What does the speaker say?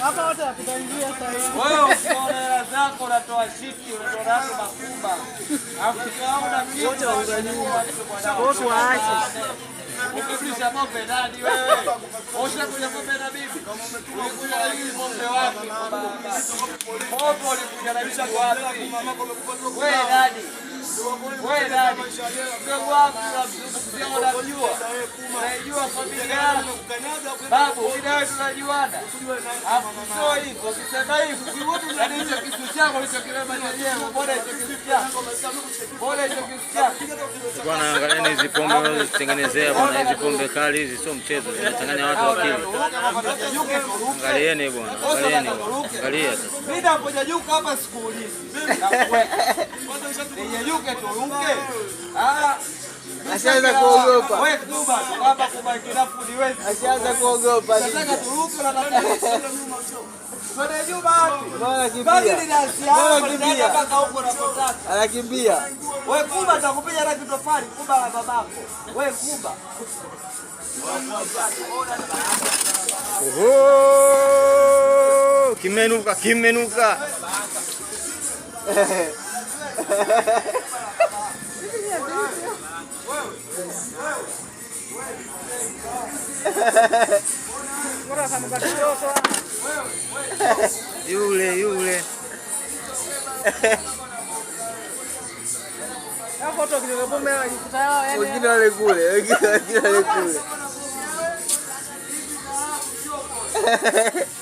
Hapa watu wataingia sasa Wewe unaona hela zako unatoa shiki unatoa nazo makubwa. Afikaona kitu wote waunganyuma. Wote waache. Ukibisha pombe nani wewe? Osha kuja pombe na bibi. Kama umekuja na hii wapi? Pombe ulikuja na bisha kwa wapi? Wewe naijua familia yangu babu, kidawe tunajuana, so hivyo ukisema hivi, kitu chako hicho kitu chako, hicho kitu chako Bwana, angalieni hizi pombe unazozitengenezea bwana, hizi pombe kali hizi sio mchezo, zinachanganya watu akili. Angalieni bwana, angalieni, angalia sasa. Mimi hapa sikuulizi. Ah. Asianza kuogopa. Wewe hapa Asianza kuogopa. Nataka Anakimbia. We Kuba takupiga hata kitofali Kuba la babako. We Kuba. Oho! Kimenuka, kimenuka. Yule yule. wengine wale kule, wengine wale kule.